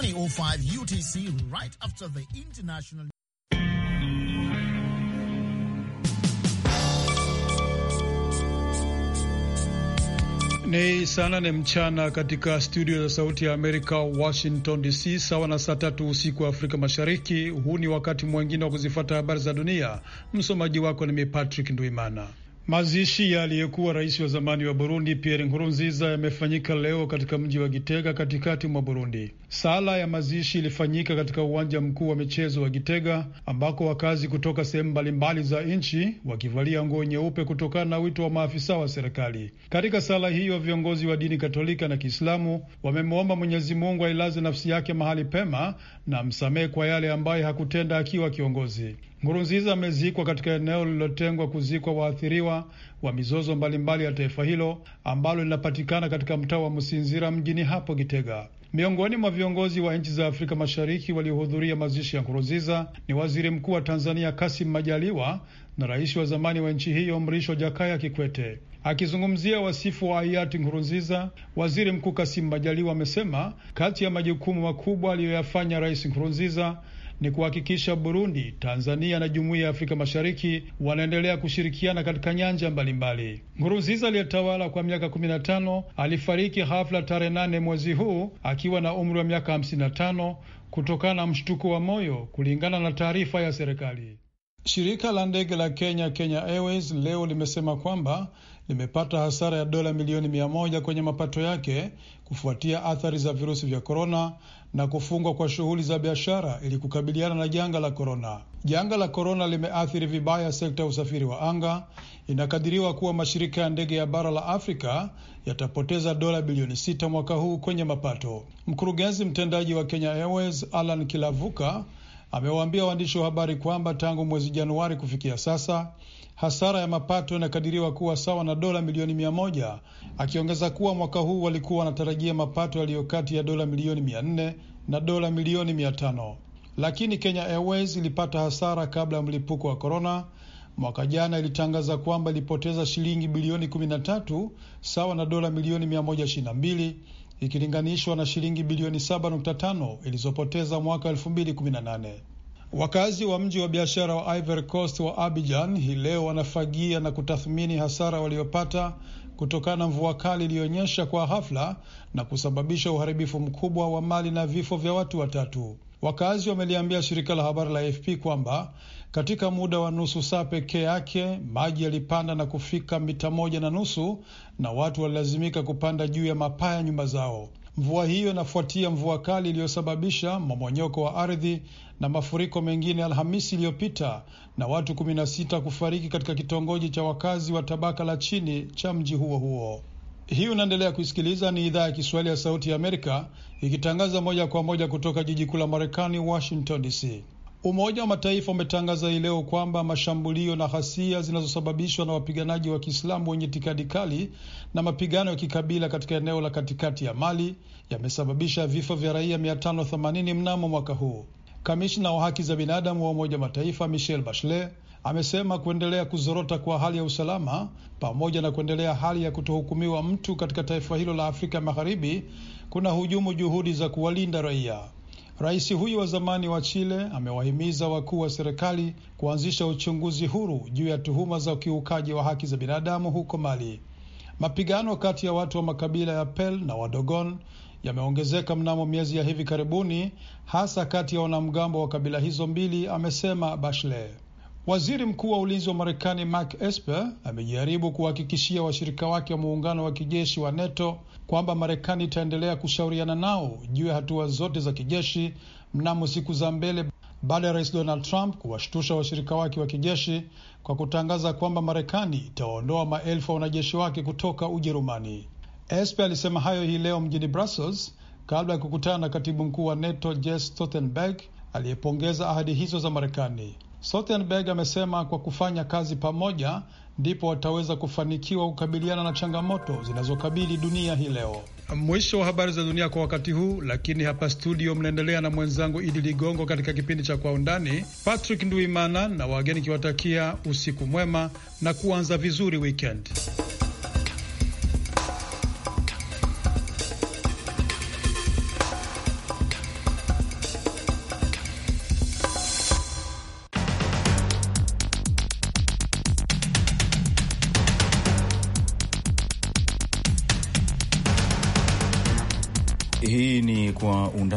2005 UTC right after the international ni saa nane mchana katika studio za Sauti ya Amerika, Washington DC, sawa na saa tatu usiku wa Afrika Mashariki. Huu ni wakati mwengine wa kuzifata habari za dunia. Msomaji wako nimi Patrick nduimana Mazishi ya aliyekuwa rais wa zamani wa Burundi Pierre Nkurunziza yamefanyika leo katika mji wa Gitega katikati mwa Burundi. Sala ya mazishi ilifanyika katika uwanja mkuu wa michezo wa Gitega ambako wakazi kutoka sehemu mbalimbali za nchi wakivalia nguo nyeupe kutokana na wito wa maafisa wa serikali. Katika sala hiyo, viongozi wa dini Katolika na Kiislamu wamemwomba Mwenyezi Mungu ailaze nafsi yake mahali pema na msamehe kwa yale ambaye hakutenda akiwa kiongozi. Nkurunziza amezikwa katika eneo lililotengwa kuzikwa waathiriwa wa mizozo mbalimbali ya taifa hilo ambalo linapatikana katika mtaa wa Msinzira mjini hapo Gitega. Miongoni mwa viongozi wa nchi za Afrika Mashariki waliohudhuria mazishi ya Nkurunziza ni waziri mkuu wa Tanzania Kasim Majaliwa na rais wa zamani wa nchi hiyo Mrisho Jakaya Kikwete. Akizungumzia wasifu wa hayati Nkurunziza, waziri mkuu kasimu Majaliwa amesema kati ya majukumu makubwa aliyoyafanya rais Nkurunziza ni kuhakikisha Burundi, Tanzania na Jumuiya ya Afrika Mashariki wanaendelea kushirikiana katika nyanja mbalimbali. Nkurunziza aliyetawala kwa miaka 15 alifariki hafla tarehe nane mwezi huu akiwa na umri wa miaka 55 kutokana na mshtuko wa moyo, kulingana na taarifa ya serikali. Shirika la ndege la Kenya, Kenya Airways, leo limesema kwamba limepata hasara ya dola milioni mia moja kwenye mapato yake kufuatia athari za virusi vya korona na kufungwa kwa shughuli za biashara ili kukabiliana na janga la korona. Janga la korona limeathiri vibaya sekta ya usafiri wa anga. Inakadiriwa kuwa mashirika ya ndege ya bara la Afrika yatapoteza dola bilioni sita mwaka huu kwenye mapato. Mkurugenzi mtendaji wa Kenya Airways Alan Kilavuka amewaambia waandishi wa habari kwamba tangu mwezi Januari kufikia sasa hasara ya mapato inakadiriwa kuwa sawa na dola milioni mia moja, akiongeza kuwa mwaka huu walikuwa wanatarajia mapato yaliyo kati ya dola milioni mia nne na dola milioni mia tano. Lakini Kenya Airways ilipata hasara kabla ya mlipuko wa korona. Mwaka jana ilitangaza kwamba ilipoteza shilingi bilioni 13 sawa na dola milioni 122 ikilinganishwa na shilingi bilioni 7.5 ilizopoteza mwaka 2018. Wakazi wa mji wa biashara wa Ivory Coast wa Abidjan hii leo wanafagia na kutathmini hasara waliopata kutokana na mvua kali iliyonyesha kwa hafla na kusababisha uharibifu mkubwa wa mali na vifo vya watu watatu. Wakazi wameliambia shirika la habari la AFP kwamba katika muda wa nusu saa pekee yake maji yalipanda na kufika mita moja na nusu na watu walilazimika kupanda juu ya mapaa ya nyumba zao. Mvua hiyo inafuatia mvua kali iliyosababisha mmomonyoko wa ardhi na mafuriko mengine Alhamisi iliyopita na watu 16 kufariki katika kitongoji cha wakazi wa tabaka la chini cha mji huo huo. Hii unaendelea kuisikiliza, ni idhaa ya Kiswahili ya Sauti ya Amerika ikitangaza moja kwa moja kutoka jiji kuu la Marekani, Washington DC. Umoja wa Mataifa umetangaza hii leo kwamba mashambulio na ghasia zinazosababishwa na wapiganaji wa Kiislamu wenye itikadi kali na mapigano ya kikabila katika eneo la katikati ya Mali yamesababisha vifo vya raia 580 mnamo mwaka huu. Kamishna wa haki za binadamu wa Umoja wa Mataifa Michelle Bachelet amesema kuendelea kuzorota kwa hali ya usalama pamoja na kuendelea hali ya kutohukumiwa mtu katika taifa hilo la Afrika Magharibi kuna hujumu juhudi za kuwalinda raia. Rais huyu wa zamani wa Chile amewahimiza wakuu wa serikali kuanzisha uchunguzi huru juu ya tuhuma za ukiukaji wa haki za binadamu huko Mali. Mapigano kati ya watu wa makabila ya Pel na Wadogon yameongezeka mnamo miezi ya hivi karibuni, hasa kati ya wanamgambo wa kabila hizo mbili, amesema Bachelet. Waziri mkuu wa ulinzi wa Marekani Mark Esper amejaribu kuwahakikishia washirika wake wa muungano wa kijeshi wa NATO kwamba Marekani itaendelea kushauriana nao juu ya hatua zote za kijeshi mnamo siku za mbele baada ya rais Donald Trump kuwashtusha washirika wake wa kijeshi kwa kutangaza kwamba Marekani itawaondoa maelfu ya wanajeshi wake kutoka Ujerumani. Esper alisema hayo hii leo mjini Brussels kabla ya kukutana na katibu mkuu wa NATO Jens Stoltenberg aliyepongeza ahadi hizo za Marekani. Stoltenberg amesema kwa kufanya kazi pamoja ndipo wataweza kufanikiwa kukabiliana na changamoto zinazokabili dunia hii leo. Mwisho wa habari za dunia kwa wakati huu, lakini hapa studio mnaendelea na mwenzangu Idi Ligongo katika kipindi cha Kwa Undani. Patrick Nduimana na wageni kiwatakia usiku mwema na kuanza vizuri wikendi.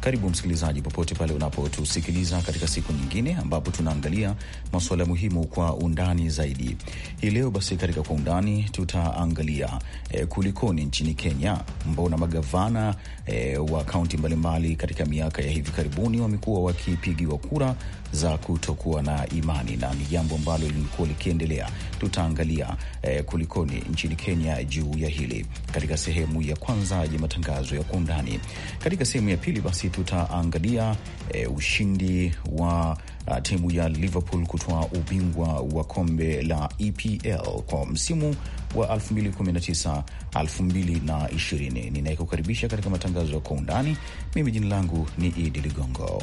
Karibu msikilizaji, popote pale unapotusikiliza katika siku nyingine ambapo tunaangalia masuala muhimu kwa undani zaidi. Hii leo basi katika kwa undani tutaangalia e, kulikoni nchini Kenya, mbona magavana e, wa kaunti mbalimbali katika miaka ya hivi karibuni wamekuwa wakipigiwa kura za kutokuwa na imani, na ni jambo ambalo lilikuwa likiendelea. Tutaangalia e, kulikoni nchini Kenya juu ya hili katika sehemu ya kwanza ya matangazo ya kwa undani. Katika sehemu ya pili basi tutaangalia e, ushindi wa a, timu ya Liverpool kutoa ubingwa wa kombe la EPL kwa msimu wa 2019 2020. Ninayekukaribisha katika matangazo ya kwa undani, mimi jina langu ni Idi Ligongo.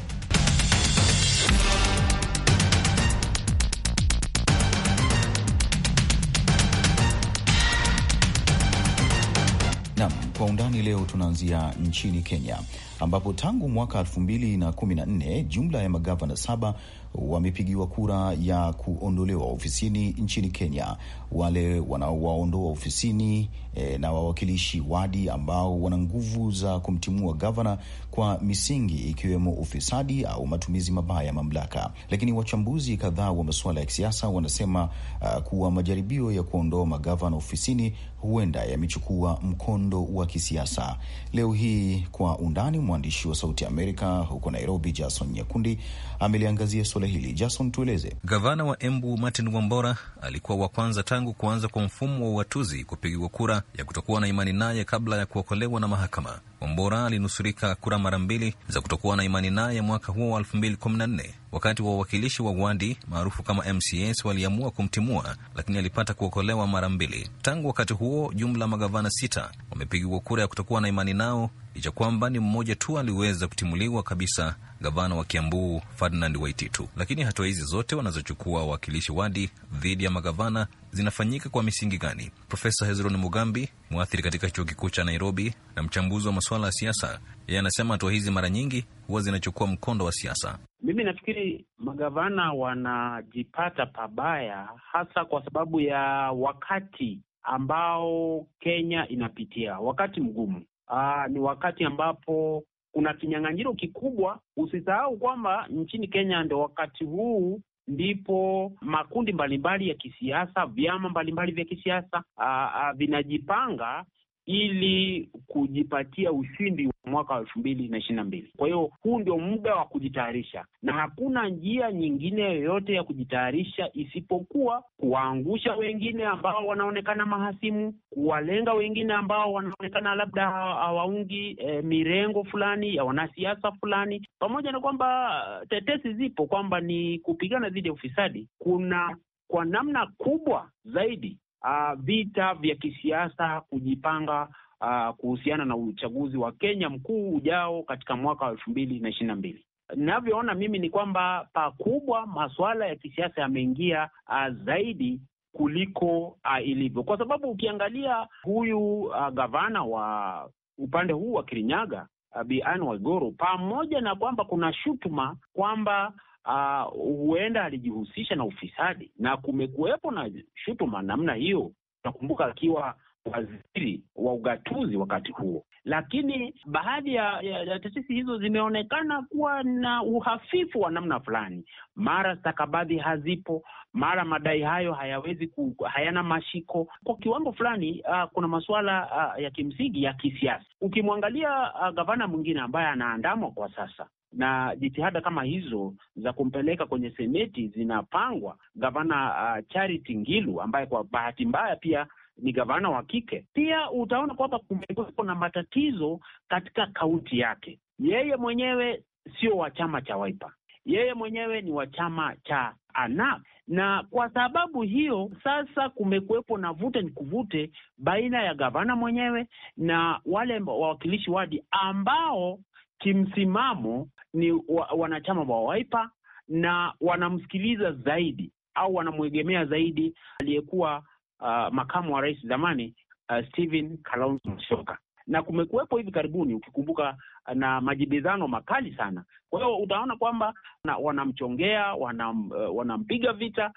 kwa undani leo tunaanzia nchini Kenya ambapo tangu mwaka 2014 jumla ya magavana saba wamepigiwa kura ya kuondolewa ofisini nchini Kenya. Wale wanaowaondoa ofisini e, na wawakilishi wadi ambao wana nguvu za kumtimua gavana kwa misingi ikiwemo ufisadi au matumizi mabaya ya mamlaka. Lakini wachambuzi kadhaa wa masuala ya kisiasa wanasema uh, kuwa majaribio ya kuondoa magavana ofisini huenda yamechukua mkondo wa kisiasa. Leo hii kwa undani, mwandishi wa Sauti ya Amerika huko Nairobi, Jason Nyakundi ameliangazia suala hili. Jason, tueleze. Gavana wa Embu Martin Wambora alikuwa wa kwanza tangu kuanza kwa mfumo wa uatuzi kupigiwa kura ya kutokuwa na imani naye kabla ya kuokolewa na mahakama. Wambora alinusurika kura mara mbili za kutokuwa na imani naye mwaka huo wa 2014 wakati wa wawakilishi wa wadi maarufu kama MCS waliamua kumtimua, lakini alipata kuokolewa mara mbili. Tangu wakati huo, jumla magavana sita wamepigiwa kura ya kutokuwa na imani nao, licha kwamba ni mmoja tu aliweza kutimuliwa kabisa, gavana wa Kiambu Ferdinand Waititu. Lakini hatua hizi zote wanazochukua wawakilishi wadi dhidi ya magavana zinafanyika kwa misingi gani? Profesa Hezron Mugambi, mwathiri katika chuo kikuu cha Nairobi na mchambuzi wa masuala ya siasa, yeye anasema hatua hizi mara nyingi huwa zinachukua mkondo wa siasa. Mimi nafikiri magavana wanajipata pabaya, hasa kwa sababu ya wakati ambao Kenya inapitia, wakati mgumu. Aa, ni wakati ambapo kuna kinyang'anyiro kikubwa. Usisahau kwamba nchini Kenya ndio wakati huu ndipo makundi mbalimbali ya kisiasa, vyama mbalimbali vya kisiasa ah, ah, vinajipanga ili kujipatia ushindi mwaka wa elfu mbili na ishirini na mbili. Kwa hiyo huu ndio muda wa kujitayarisha, na hakuna njia nyingine yoyote ya kujitayarisha isipokuwa kuwaangusha wengine ambao wanaonekana mahasimu, kuwalenga wengine ambao wanaonekana labda hawaungi e, mirengo fulani ya wanasiasa fulani, pamoja na kwamba eh, tetesi zipo kwamba ni kupigana dhidi ya ufisadi. Kuna kwa namna kubwa zaidi a, ah, vita vya kisiasa kujipanga uh, kuhusiana na uchaguzi wa Kenya mkuu ujao katika mwaka wa elfu mbili na ishirini na mbili. Ninavyoona mimi ni kwamba pakubwa masuala ya kisiasa yameingia uh, zaidi kuliko uh, ilivyo, kwa sababu ukiangalia huyu uh, gavana wa upande huu wa Kirinyaga uh, Bi Anne Waiguru, pamoja na kwamba kuna shutuma kwamba uh, huenda alijihusisha na ufisadi na kumekuwepo na shutuma namna hiyo, nakumbuka akiwa waziri wa ugatuzi wakati huo, lakini baadhi ya, ya, ya taasisi hizo zimeonekana kuwa na uhafifu wa namna fulani. Mara stakabadhi hazipo, mara madai hayo hayawezi ku, hayana mashiko kwa kiwango fulani. Uh, kuna masuala uh, ya kimsingi ya kisiasa. Ukimwangalia uh, gavana mwingine ambaye anaandamwa kwa sasa na jitihada kama hizo za kumpeleka kwenye seneti zinapangwa, gavana uh, Charity Ngilu ambaye kwa bahati mbaya pia ni gavana wa kike. Pia utaona kwamba kumekuwepo na matatizo katika kaunti yake. Yeye mwenyewe sio wa chama cha Waipa, yeye mwenyewe ni wa chama cha ana na kwa sababu hiyo sasa kumekuwepo na vute ni kuvute baina ya gavana mwenyewe na wale wawakilishi wadi ambao kimsimamo ni wa, wanachama wa waipa na wanamsikiliza zaidi au wanamwegemea zaidi aliyekuwa uh, makamu wa rais zamani uh, Stephen Kalonzo Musyoka, na kumekuwepo hivi karibuni, ukikumbuka, uh, na majibizano makali sana. Kwa hiyo utaona kwamba wanamchongea, wanam, uh, wanampiga vita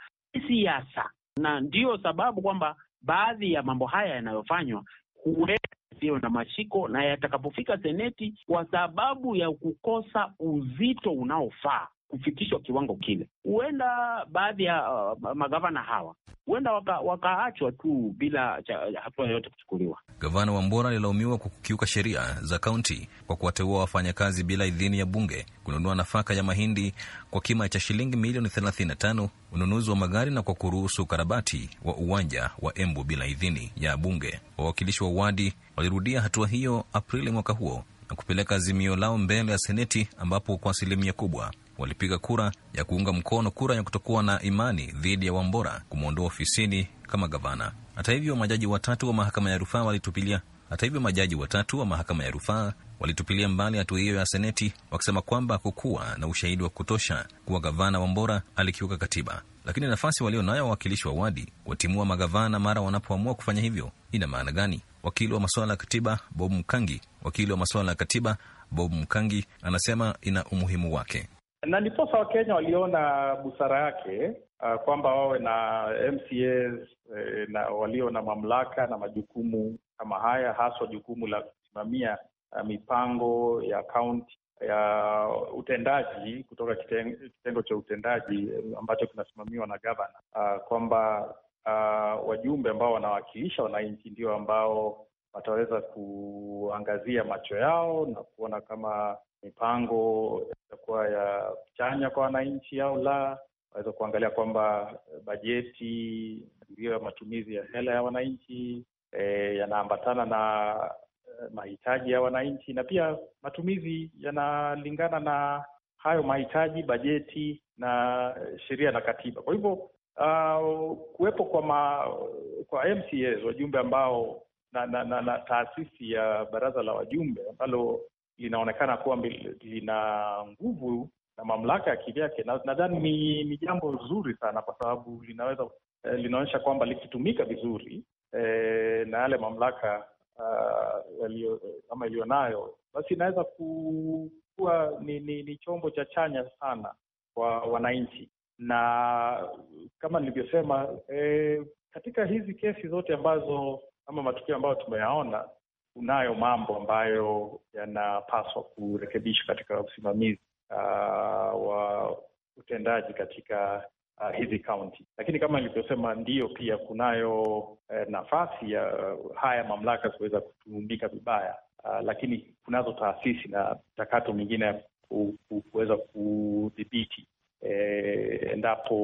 siasa, na ndiyo sababu kwamba baadhi ya mambo haya yanayofanywa huenda sio na mashiko na yatakapofika Seneti, kwa sababu ya kukosa uzito unaofaa kufikishwa kiwango kile. Huenda baadhi ya uh, magavana hawa huenda wakaachwa waka tu bila hatua yoyote kuchukuliwa. Gavana Wambora alilaumiwa kwa kukiuka sheria za kaunti kwa kuwateua wafanyakazi bila idhini ya bunge, kununua nafaka ya mahindi kwa kima cha shilingi milioni 35, ununuzi wa magari na kwa kuruhusu ukarabati wa uwanja wa Embu bila idhini ya bunge. Wawakilishi wa wadi walirudia hatua hiyo Aprili mwaka huo na kupeleka azimio lao mbele ya Seneti ambapo kwa asilimia kubwa walipiga kura ya kuunga mkono kura ya kutokuwa na imani dhidi ya Wambora kumwondoa ofisini kama gavana. Hata hivyo, majaji watatu wa mahakama ya rufaa walitupilia hata hivyo majaji watatu wa mahakama ya rufaa walitupilia mbali hatua hiyo ya Seneti wakisema kwamba hakukuwa na ushahidi wa kutosha kuwa gavana Wambora alikiuka katiba. Lakini nafasi walio nayo wawakilishi wa wadi watimua magavana mara wanapoamua kufanya hivyo ina maana gani? Wakili wa masuala ya katiba Bob Mkangi, wakili wa masuala ya katiba Bob Mkangi anasema ina umuhimu wake na ndiposa Wakenya waliona busara yake uh, kwamba wawe na MCAs eh, na walio na mamlaka na majukumu kama haya, haswa jukumu la kusimamia uh, mipango ya kaunti ya utendaji kutoka kitengo, kitengo cha utendaji eh, ambacho kinasimamiwa na gavana uh, kwamba uh, wajumbe ambao wanawakilisha wananchi ndio ambao wataweza kuangazia macho yao na kuona kama mipango itakuwa ya chanya kwa wananchi au la. Waweza kuangalia kwamba eh, bajeti ndio ya matumizi ya hela ya wananchi e, yanaambatana na eh, mahitaji ya wananchi na pia matumizi yanalingana na hayo mahitaji, bajeti na sheria na katiba. Kwa hivyo uh, kuwepo kwa ma, kwa MCAs wajumbe ambao na, na, na, na taasisi ya baraza la wajumbe ambalo linaonekana kuwa lina nguvu na mamlaka ya kivyake, na nadhani ni, ni jambo zuri sana kwa sababu linaweza eh, linaonyesha kwamba likitumika vizuri eh, na yale mamlaka uh, ama iliyonayo basi inaweza kuwa ni, ni, ni chombo cha chanya sana kwa wananchi, na kama nilivyosema eh, katika hizi kesi zote ambazo ama matukio ambayo tumeyaona kunayo mambo ambayo yanapaswa kurekebishwa katika usimamizi uh, wa utendaji katika uh, hizi kaunti, lakini kama nilivyosema, ndiyo pia kunayo uh, nafasi ya uh, haya mamlaka kuweza kutumika vibaya uh, lakini kunazo taasisi na mchakato mingine ya kuweza kudhibiti eh, endapo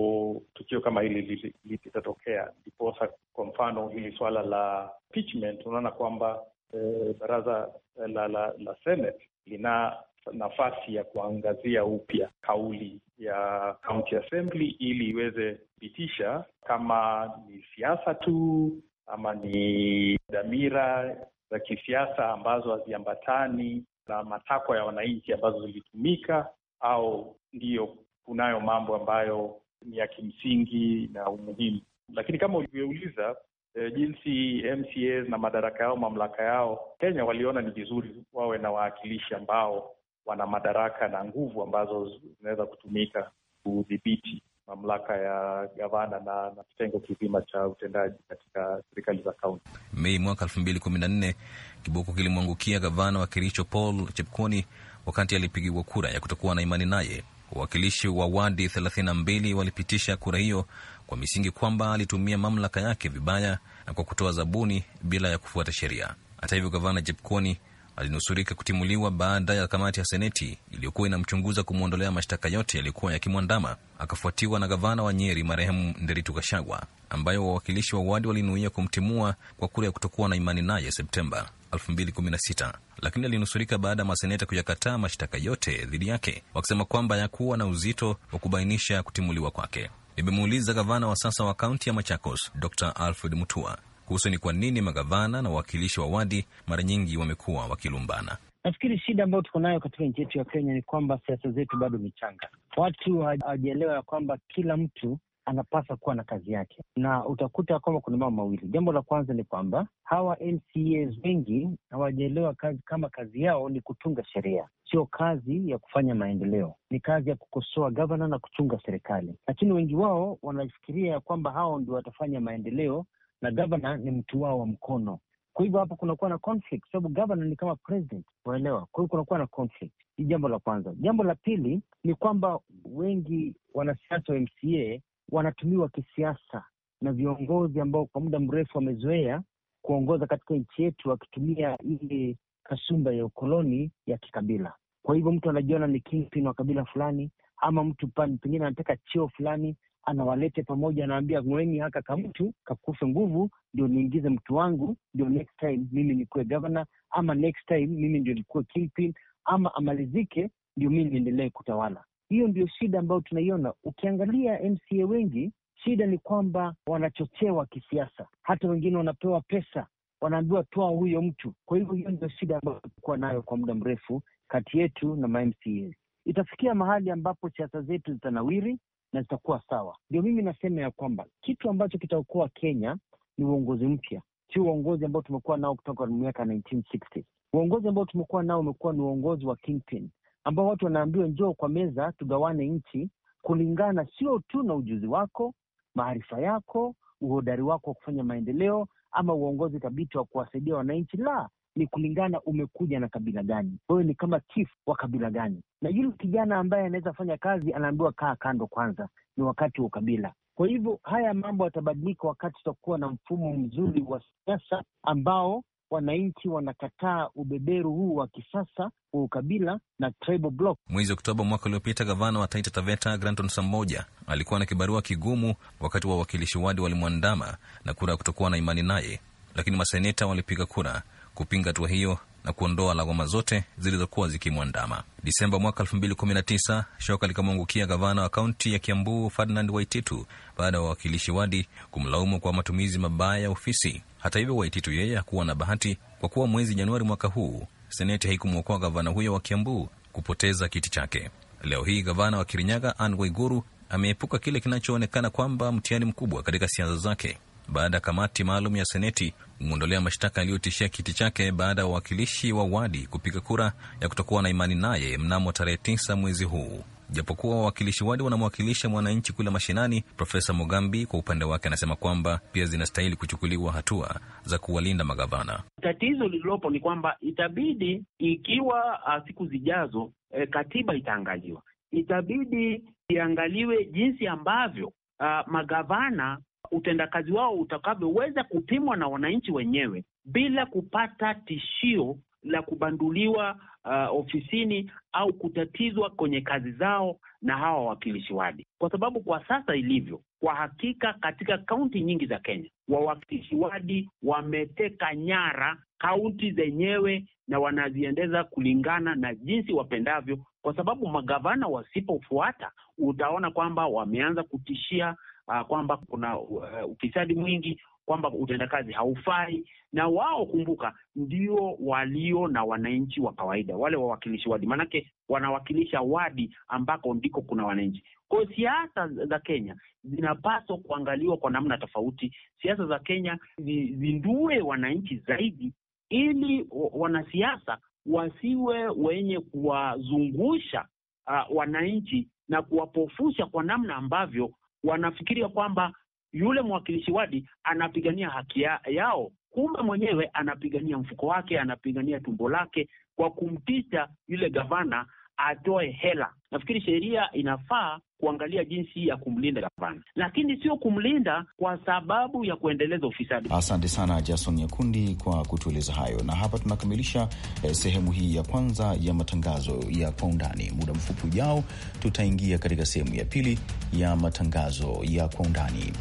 tukio kama hili litatokea, ndiposa kwa mfano hili swala la impeachment, unaona kwamba E, baraza la, la, la Senate lina nafasi ya kuangazia upya kauli ya county assembly ili iweze kupitisha kama ni siasa tu ama ni dhamira za kisiasa ambazo haziambatani na matakwa ya wananchi ambazo zilitumika, au ndiyo kunayo mambo ambayo ni ya kimsingi na umuhimu. Lakini kama ulivyouliza, e, jinsi MCAs na madaraka yao mamlaka yao, Kenya waliona ni vizuri wawe na wawakilishi ambao wana madaraka na nguvu ambazo zinaweza kutumika kudhibiti mamlaka ya gavana na, na kitengo kizima cha utendaji katika serikali za kaunti. Mei mwaka elfu mbili kumi na nne kiboko kilimwangukia gavana wa Kericho Paul Chepkoni wakati alipigiwa kura ya kutokuwa na imani naye. Wawakilishi wa wadi thelathini na mbili walipitisha kura hiyo kwa misingi kwamba alitumia mamlaka yake vibaya na kwa kutoa zabuni bila ya kufuata sheria. Hata hivyo, gavana jepkoni alinusurika kutimuliwa baada ya kamati ya seneti iliyokuwa inamchunguza kumwondolea mashtaka yote yaliyokuwa yakimwandama. Akafuatiwa na gavana wa Nyeri marehemu Nderitu Kashagwa, ambayo wawakilishi wa wadi walinuia kumtimua kwa kura ya kutokuwa na imani naye Septemba 2016 lakini alinusurika baada ya maseneta kuyakataa mashtaka yote dhidi yake, wakisema kwamba yakuwa na uzito wa kubainisha kutimuliwa kwake. Nimemuuliza gavana wa sasa wa kaunti ya Machakos, Dr Alfred Mutua, kuhusu ni kwa nini magavana na wawakilishi wa wadi mara nyingi wamekuwa wakilumbana. Nafikiri shida ambayo tuko nayo katika nchi yetu ya Kenya ni kwamba siasa zetu bado ni changa. Watu hawajaelewa ya kwamba kila mtu anapaswa kuwa na kazi yake, na utakuta kwamba kuna mambo mawili. Jambo la kwanza ni kwamba hawa MCAs wengi hawajaelewa kazi kama kazi yao ni kutunga sheria, sio kazi ya kufanya maendeleo, ni kazi ya kukosoa gavana na kuchunga serikali. Lakini wengi wao wanafikiria kwamba hao ndio watafanya maendeleo na gavana ni mtu wao wa mkono. Kwa hivyo hapo kunakuwa na conflict, sababu gavana ni kama president, waelewa. Kwa hiyo kunakuwa na conflict. Ni jambo la kwanza. Jambo la pili ni kwamba wengi wanasiasa wa MCA wanatumiwa kisiasa na viongozi ambao kwa muda mrefu wamezoea kuongoza katika nchi yetu wakitumia ile kasumba ya ukoloni ya kikabila. Kwa hivyo mtu anajiona ni kingpin wa kabila fulani, ama mtu pengine anataka cheo fulani, anawalete pamoja, anawambia ng'oeni haka ka mtu kakufe nguvu, ndio niingize mtu wangu, ndio next time mimi nikuwe governor, ama next time mimi ndio nikuwe kingpin, ama amalizike, ndio mimi niendelee kutawala. Hiyo ndio shida ambayo tunaiona. Ukiangalia MCA wengi, shida ni kwamba wanachochewa kisiasa, hata wengine wanapewa pesa, wanaambiwa toa huyo mtu. Kwa hivyo hiyo ndio shida ambayo tumekuwa nayo kwa muda mrefu kati yetu na ma-MCA. Itafikia mahali ambapo siasa zetu zitanawiri na zitakuwa sawa. Ndio mimi nasema ya kwamba kitu ambacho kitaokoa Kenya ni uongozi mpya, sio uongozi ambao tumekuwa nao kutoka miaka 1960. Uongozi ambao tumekuwa nao umekuwa ni uongozi wa kingpin, ambao watu wanaambiwa njoo kwa meza tugawane nchi kulingana sio tu na ujuzi wako, maarifa yako, uhodari wako wa kufanya maendeleo ama uongozi thabiti wa kuwasaidia wananchi, la ni kulingana umekuja na kabila gani, wewe ni kama chief wa kabila gani. Na yule kijana ambaye anaweza fanya kazi anaambiwa kaa kando, kwanza ni wakati wa ukabila. Kwa hivyo haya mambo yatabadilika wakati tutakuwa na mfumo mzuri wa siasa ambao wananchi wanakataa ubeberu huu wa kisasa wa ukabila na tribal block. Mwezi Oktoba mwaka uliopita, gavana wa Taita Taveta Granton Samboja alikuwa na kibarua kigumu wakati wa wawakilishi wadi walimwandama na kura ya kutokuwa na imani naye, lakini maseneta walipiga kura kupinga hatua hiyo na kuondoa lawama zote zilizokuwa zikimwandama. Disemba mwaka 2019 shoka likamwangukia gavana wa kaunti ya Kiambu Ferdinand Waititu baada ya wawakilishi wadi kumlaumu kwa matumizi mabaya ya ofisi. Hata hivyo, Waititu yeye hakuwa na bahati kwa kuwa mwezi Januari mwaka huu seneti haikumwokoa gavana huyo wa Kiambu kupoteza kiti chake. Leo hii gavana wa Kirinyaga an Waiguru ameepuka kile kinachoonekana kwamba mtihani mkubwa katika siasa zake baada ya kamati maalum ya seneti kumwondolea mashtaka yaliyotishia kiti chake baada ya wawakilishi wa wadi kupiga kura ya kutokuwa na imani naye mnamo tarehe tisa mwezi huu. Japokuwa wawakilishi wale wanamwakilisha mwananchi kule mashinani, Profesa Mugambi kwa upande wake anasema kwamba pia zinastahili kuchukuliwa hatua za kuwalinda magavana. Tatizo lililopo ni kwamba itabidi, ikiwa ah, siku zijazo e, katiba itaangaliwa, itabidi iangaliwe jinsi ambavyo a, ah, magavana utendakazi wao utakavyoweza kupimwa na wananchi wenyewe bila kupata tishio la kubanduliwa uh, ofisini au kutatizwa kwenye kazi zao na hawa wawakilishi wadi, kwa sababu kwa sasa ilivyo, kwa hakika katika kaunti nyingi za Kenya wawakilishi wadi wameteka nyara kaunti zenyewe na wanaziendeza kulingana na jinsi wapendavyo, kwa sababu magavana wasipofuata, utaona kwamba wameanza kutishia uh, kwamba kuna uh, ufisadi mwingi kwamba utendakazi haufai, na wao kumbuka, ndio walio na wananchi wa kawaida, wale wawakilishi wadi, maanake wanawakilisha wadi ambako ndiko kuna wananchi. Kwa hiyo siasa za Kenya zinapaswa kuangaliwa kwa namna tofauti. Siasa za Kenya zindue wananchi zaidi, ili wanasiasa wasiwe wenye kuwazungusha uh, wananchi na kuwapofusha kwa namna ambavyo wanafikiria kwamba yule mwakilishi wadi anapigania haki ya, yao, kumbe mwenyewe anapigania mfuko wake, anapigania tumbo lake kwa kumtisha yule gavana atoe hela. Nafikiri sheria inafaa kuangalia jinsi ya kumlinda gavana, lakini sio kumlinda kwa sababu ya kuendeleza ufisadi. Asante sana Jason Nyakundi kwa kutueleza hayo, na hapa tunakamilisha eh, sehemu hii ya kwanza ya matangazo ya kwa undani. Muda mfupi ujao, tutaingia katika sehemu ya pili ya matangazo ya kwa undani.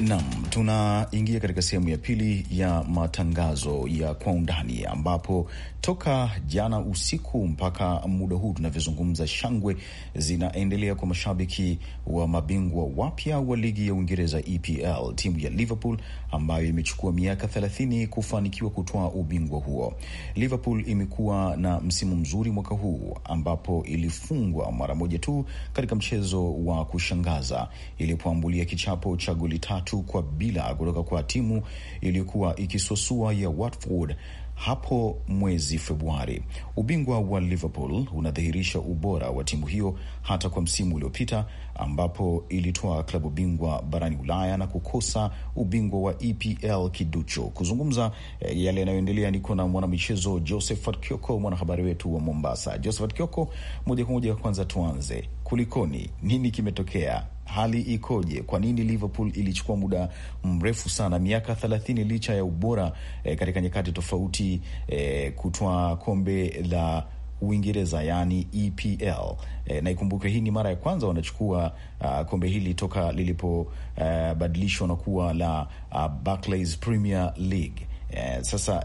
Nam, tunaingia katika sehemu ya pili ya matangazo ya kwa undani, ambapo toka jana usiku mpaka muda huu tunavyozungumza, shangwe zinaendelea kwa mashabiki wa mabingwa wapya wa ligi ya Uingereza EPL, timu ya Liverpool ambayo imechukua miaka 30 kufanikiwa kutoa ubingwa huo. Liverpool imekuwa na msimu mzuri mwaka huu ambapo ilifungwa mara moja tu katika mchezo wa kushangaza ilipoambulia kichapo cha goli tatu tatu kwa bila kutoka kwa timu iliyokuwa ikisuasua ya Watford hapo mwezi Februari. Ubingwa wa Liverpool unadhihirisha ubora wa timu hiyo hata kwa msimu uliopita ambapo ilitoa klabu bingwa barani Ulaya na kukosa ubingwa wa EPL kiducho. Kuzungumza eh, yale yanayoendelea, niko na mwanamichezo Josephat Kioko, mwanahabari wetu wa Mombasa. Josephat Kioko, moja kwa moja, kwanza tuanze, kulikoni? Nini kimetokea? hali ikoje? Kwa nini Liverpool ilichukua muda mrefu sana, miaka thelathini, licha ya ubora e, katika nyakati tofauti e, eh, kutwaa kombe la Uingereza yaani EPL. E, eh, na ikumbuke hii ni mara ya kwanza wanachukua uh, kombe hili toka lilipobadilishwa uh, na kuwa la uh, Barclays Premier League. E, sasa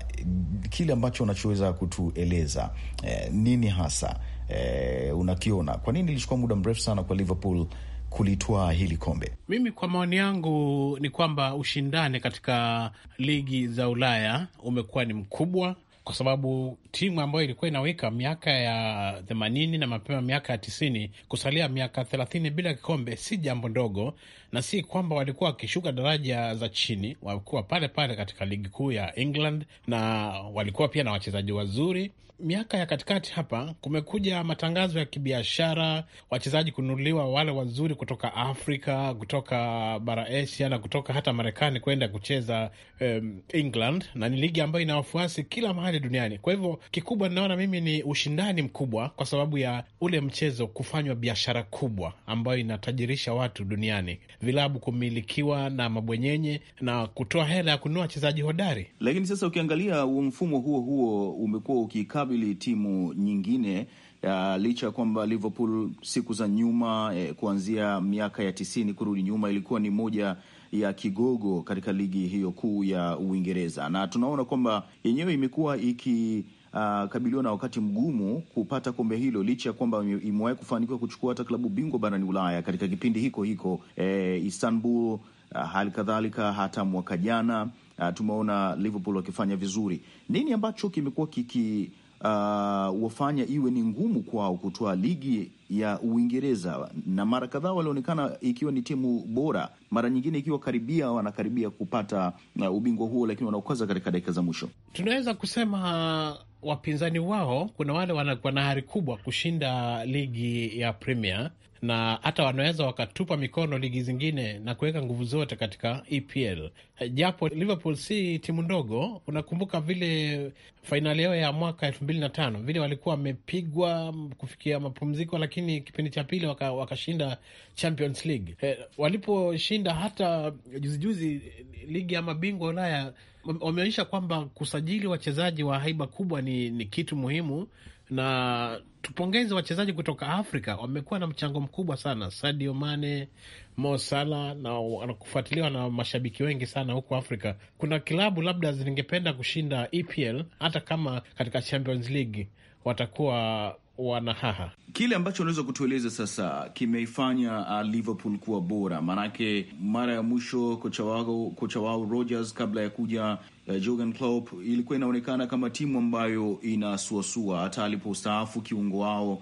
kile ambacho unachoweza kutueleza e, nini hasa e, unakiona, kwa nini ilichukua muda mrefu sana kwa Liverpool kulitwaa hili kombe? Mimi kwa maoni yangu ni kwamba ushindani katika ligi za Ulaya umekuwa ni mkubwa kwa sababu timu ambayo ilikuwa inaweka miaka ya themanini na mapema miaka ya tisini kusalia miaka thelathini bila kikombe si jambo ndogo, na si kwamba walikuwa wakishuka daraja za chini, walikuwa pale pale katika ligi kuu ya England na walikuwa pia na wachezaji wazuri miaka ya katikati hapa kumekuja matangazo ya kibiashara, wachezaji kununuliwa wale wazuri kutoka Afrika, kutoka bara Asia na kutoka hata Marekani kwenda kucheza um, England, na ni ligi ambayo ina wafuasi kila mahali duniani. Kwa hivyo kikubwa ninaona mimi ni ushindani mkubwa, kwa sababu ya ule mchezo kufanywa biashara kubwa ambayo inatajirisha watu duniani, vilabu kumilikiwa na mabwenyenye na kutoa hela ya kununua wachezaji hodari. Lakini sasa ukiangalia mfumo huo huo umekuwa ukiikaba kuikabili timu nyingine ya licha ya kwamba Liverpool siku za nyuma eh, kuanzia miaka ya tisini kurudi nyuma ilikuwa ni moja ya kigogo katika ligi hiyo kuu ya Uingereza, na tunaona kwamba yenyewe imekuwa iki Uh, kabiliwa na wakati mgumu kupata kombe hilo licha ya kwamba imewahi kufanikiwa kuchukua hata klabu bingwa barani Ulaya katika kipindi hiko hiko, eh, Istanbul, uh, hali kadhalika hata mwaka jana uh, tumeona Liverpool wakifanya vizuri. Nini ambacho kimekuwa kiki uh, wafanya iwe ni ngumu kwao kutoa ligi ya Uingereza, na mara kadhaa walionekana ikiwa ni timu bora, mara nyingine ikiwa karibia wanakaribia kupata uh, ubingwa huo, lakini wanaokaza katika dakika za mwisho. Tunaweza kusema uh, wapinzani wao, kuna wale wanakuwa na hari kubwa kushinda ligi ya Premier na hata wanaweza wakatupa mikono ligi zingine na kuweka nguvu zote katika EPL, japo Liverpool si timu ndogo. Unakumbuka vile fainali yao ya mwaka elfu mbili na tano vile walikuwa wamepigwa kufikia mapumziko, lakini kipindi cha pili wakashinda waka Champions League. Eh, waliposhinda hata juzijuzi ligi ya mabingwa Ulaya wameonyesha kwamba kusajili wachezaji wa haiba kubwa ni, ni kitu muhimu na tupongeze wachezaji kutoka Afrika, wamekuwa na mchango mkubwa sana. Sadio Mane, Mo Salah na wanakufuatiliwa na mashabiki wengi sana huku Afrika. Kuna kilabu labda zingependa kushinda EPL hata kama katika Champions League watakuwa wanahaha. Kile ambacho unaweza kutueleza sasa kimeifanya uh, Liverpool kuwa bora, maanake mara ya mwisho kocha wao kocha wao kabla ya kuja eh, Jurgen Klopp ilikuwa inaonekana kama timu ambayo inasuasua. Hata alipostaafu kiungo wao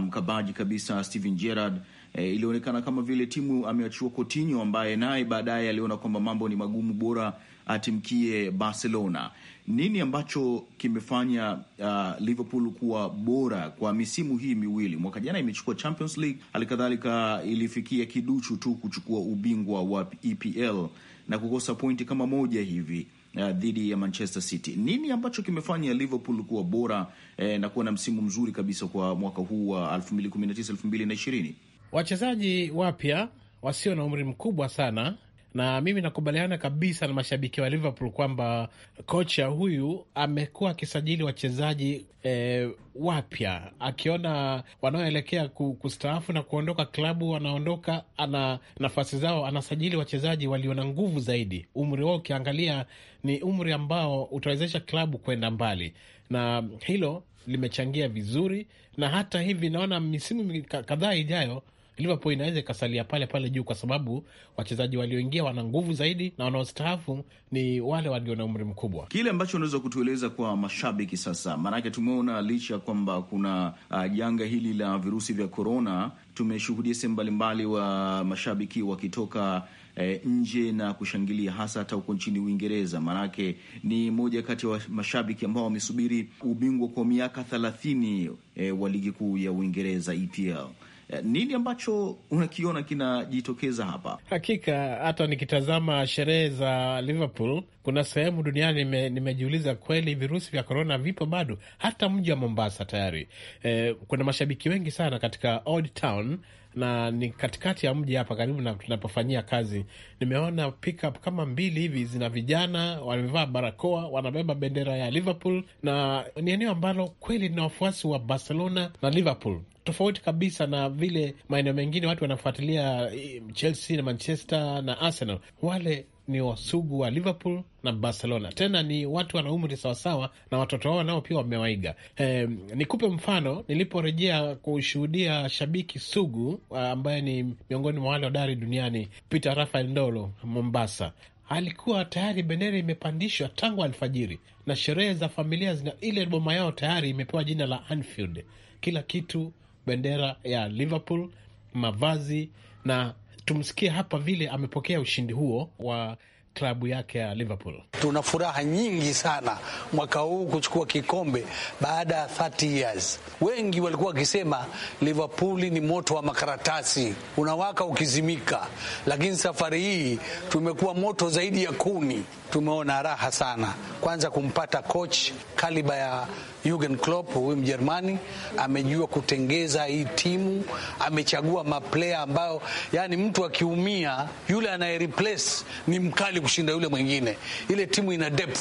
mkabaji um, kabisa Steven Gerrard E, ilionekana kama vile timu ameachiwa Coutinho, ambaye naye baadaye aliona kwamba mambo ni magumu, bora atimkie Barcelona. Nini ambacho kimefanya uh, Liverpool kuwa bora kwa misimu hii miwili? Mwaka jana imechukua Champions League, halikadhalika ilifikia kiduchu tu kuchukua ubingwa wa EPL na kukosa pointi kama moja hivi. Eh, dhidi ya Manchester City. Nini ambacho kimefanya Liverpool kuwa bora eh, na kuwa na msimu mzuri kabisa kwa mwaka huu wa 2019 2020? Wachezaji wapya wasio na umri mkubwa sana na mimi nakubaliana kabisa na mashabiki wa Liverpool kwamba kocha huyu amekuwa akisajili wachezaji e, wapya akiona wanaoelekea kustaafu na kuondoka klabu, wanaondoka ana nafasi zao, anasajili wachezaji walio na nguvu zaidi. Umri wao ukiangalia ni umri ambao utawezesha klabu kwenda mbali, na hilo limechangia vizuri, na hata hivi naona misimu kadhaa ijayo Liverpool inaweza ikasalia pale pale juu, kwa sababu wachezaji walioingia wana nguvu zaidi na wanaostaafu ni wale walio na umri mkubwa. Kile ambacho unaweza kutueleza kwa mashabiki sasa, maanake tumeona licha ya kwamba kuna uh, janga uh, hili la virusi vya korona, tumeshuhudia sehemu mbalimbali wa mashabiki wakitoka E, nje na kushangilia hasa hata huko nchini Uingereza, maanake ni moja kati ya mashabiki ambao wamesubiri ubingwa kwa miaka thelathini e, wa ligi kuu ya Uingereza EPL. Eh, nini ambacho unakiona kinajitokeza hapa? Hakika hata nikitazama sherehe za Liverpool, kuna sehemu duniani nime, nimejiuliza kweli virusi vya korona vipo bado? Hata mji wa Mombasa tayari eh, kuna mashabiki wengi sana katika Old Town na ni katikati ya mji hapa karibu na tunapofanyia kazi. Nimeona pickup kama mbili hivi zina vijana wamevaa barakoa, wanabeba bendera ya Liverpool, na ni eneo ambalo kweli lina wafuasi wa Barcelona na Liverpool tofauti kabisa na vile maeneo mengine watu wanafuatilia eh, Chelsea na Manchester na Arsenal. Wale ni wasugu wa Liverpool na Barcelona, tena ni watu wana umri sawasawa na watoto wao, nao pia wamewaiga. E, nikupe mfano, niliporejea kushuhudia shabiki sugu ambaye ni miongoni mwa wale hodari duniani Peter Rafael Ndolo Mombasa alikuwa tayari bendera imepandishwa tangu alfajiri na sherehe za familia zina ile boma yao tayari imepewa jina la Anfield, kila kitu, bendera ya Liverpool, mavazi na Tumsikie hapa vile amepokea ushindi huo wa klabu yake ya Liverpool. Tuna furaha nyingi sana mwaka huu kuchukua kikombe baada ya 30 years. Wengi walikuwa wakisema Liverpool ni moto wa makaratasi unawaka ukizimika, lakini safari hii tumekuwa moto zaidi ya kuni. Tumeona raha sana, kwanza kumpata coach kaliba ya Jurgen Klopp huyu Mjerumani amejua kutengeza hii timu, amechagua maplaya ambayo, yani, mtu akiumia yule anaye replace ni mkali kushinda yule mwingine. Ile timu ina depth,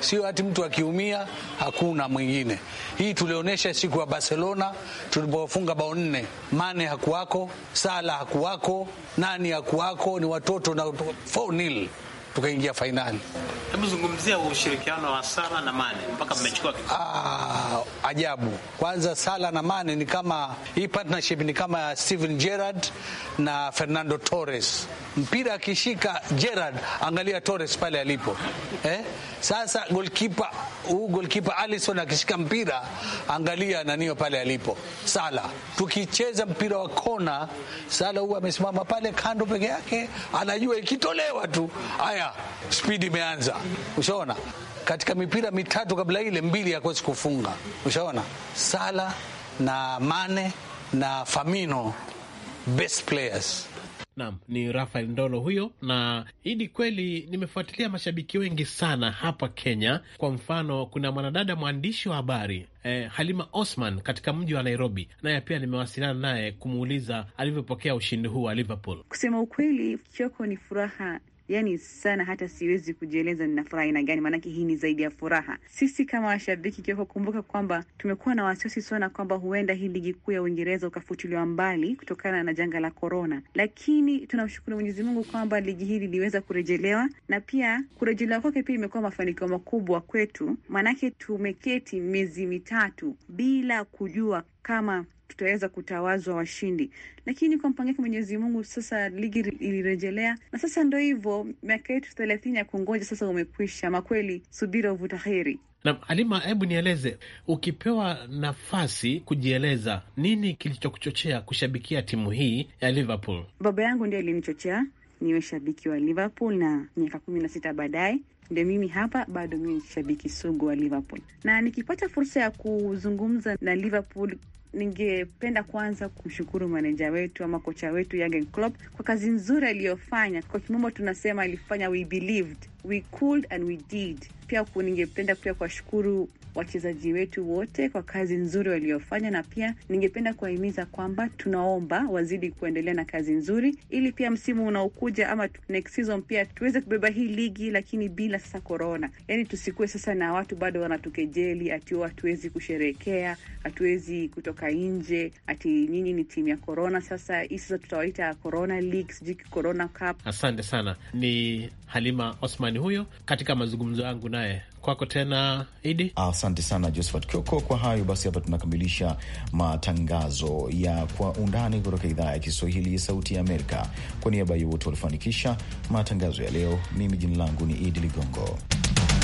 sio hati mtu akiumia hakuna mwingine. Hii tulionyesha siku ya Barcelona tulipofunga bao nne. Mane hakuwako, Sala hakuwako, nani hakuwako, ni watoto na 4-0 tukaingia fainali. Hebu zungumzia ushirikiano wa Sala na Mane mpaka mmechukua ah, ajabu. Kwanza Sala na Mane ni kama hii partnership ni kama Steven Gerrard na Fernando Torres, mpira akishika Gerrard, angalia Torres pale alipo eh? Sasa golkipa huu goalkeeper Alisson akishika mpira, angalia nanio pale alipo Sala. Tukicheza mpira wa kona, Sala huwa amesimama pale kando peke yake, anajua ikitolewa tu haya Ulaya spidi imeanza, ushaona katika mipira mitatu kabla ile mbili yakwezi kufunga, ushaona Sala na Mane na famino best players. Naam, ni Rafael Ndolo huyo. Na hili kweli, nimefuatilia mashabiki wengi sana hapa Kenya. Kwa mfano, kuna mwanadada mwandishi wa habari eh, Halima Osman katika mji wa Nairobi, naye pia nimewasiliana naye kumuuliza alivyopokea ushindi huu wa Liverpool. Kusema ukweli, kichoko ni furaha yani sana, hata siwezi kujieleza nina furaha aina gani, maanake hii ni zaidi ya furaha. Sisi kama washabiki, ikiwa kumbuka kwamba tumekuwa na wasiwasi sana kwamba huenda hii ligi kuu ya Uingereza ukafutiliwa mbali kutokana na janga la korona, lakini tunamshukuru Mwenyezi Mungu kwamba ligi hii liliweza kurejelewa, na pia kurejelewa kwake pia imekuwa mafanikio makubwa kwetu, maanake tumeketi miezi mitatu bila kujua kama tutaweza kutawazwa washindi, lakini kwa mpango wake Mwenyezi Mungu, sasa ligi ilirejelea na sasa ndo hivyo, miaka yetu thelathini ya kungoja sasa umekwisha. Makweli, subira huvuta heri. Na alima hebu nieleze, ukipewa nafasi kujieleza, nini kilichokuchochea kushabikia timu hii ya Liverpool? Baba yangu ndiye alinichochea niwe shabiki wa Liverpool na miaka kumi na sita baadaye ndio mimi hapa bado mimi shabiki sugu wa Liverpool, na nikipata fursa ya kuzungumza na Liverpool ningependa kwanza kumshukuru maneja wetu ama kocha wetu Jurgen Klopp kwa kazi nzuri aliyofanya. Kwa kimombo tunasema alifanya we believed we could and we did. Pia ningependa pia kuwashukuru wachezaji wetu wote kwa kazi nzuri waliofanya, na pia ningependa kuwahimiza kwamba tunaomba wazidi kuendelea na kazi nzuri, ili pia msimu unaokuja ama next season pia tuweze kubeba hii ligi, lakini bila sasa korona. Yani tusikuwe sasa na watu bado wanatukejeli ati oh, hatuwezi kusherekea, hatuwezi kutoka nje, ati nyinyi ni timu ya korona. Sasa hii sasa tutawaita korona league, sijui korona cup. Asante sana, ni Halima Osman Marekani huyo katika mazungumzo yangu naye. Kwako tena Idi. Asante sana Josephat Kioko. Kwa hayo basi, hapa tunakamilisha matangazo ya Kwa Undani kutoka idhaa ya Kiswahili ya Sauti ya Amerika. Kwa niaba ya wote walifanikisha matangazo ya leo, mimi jina langu ni Idi Ligongo.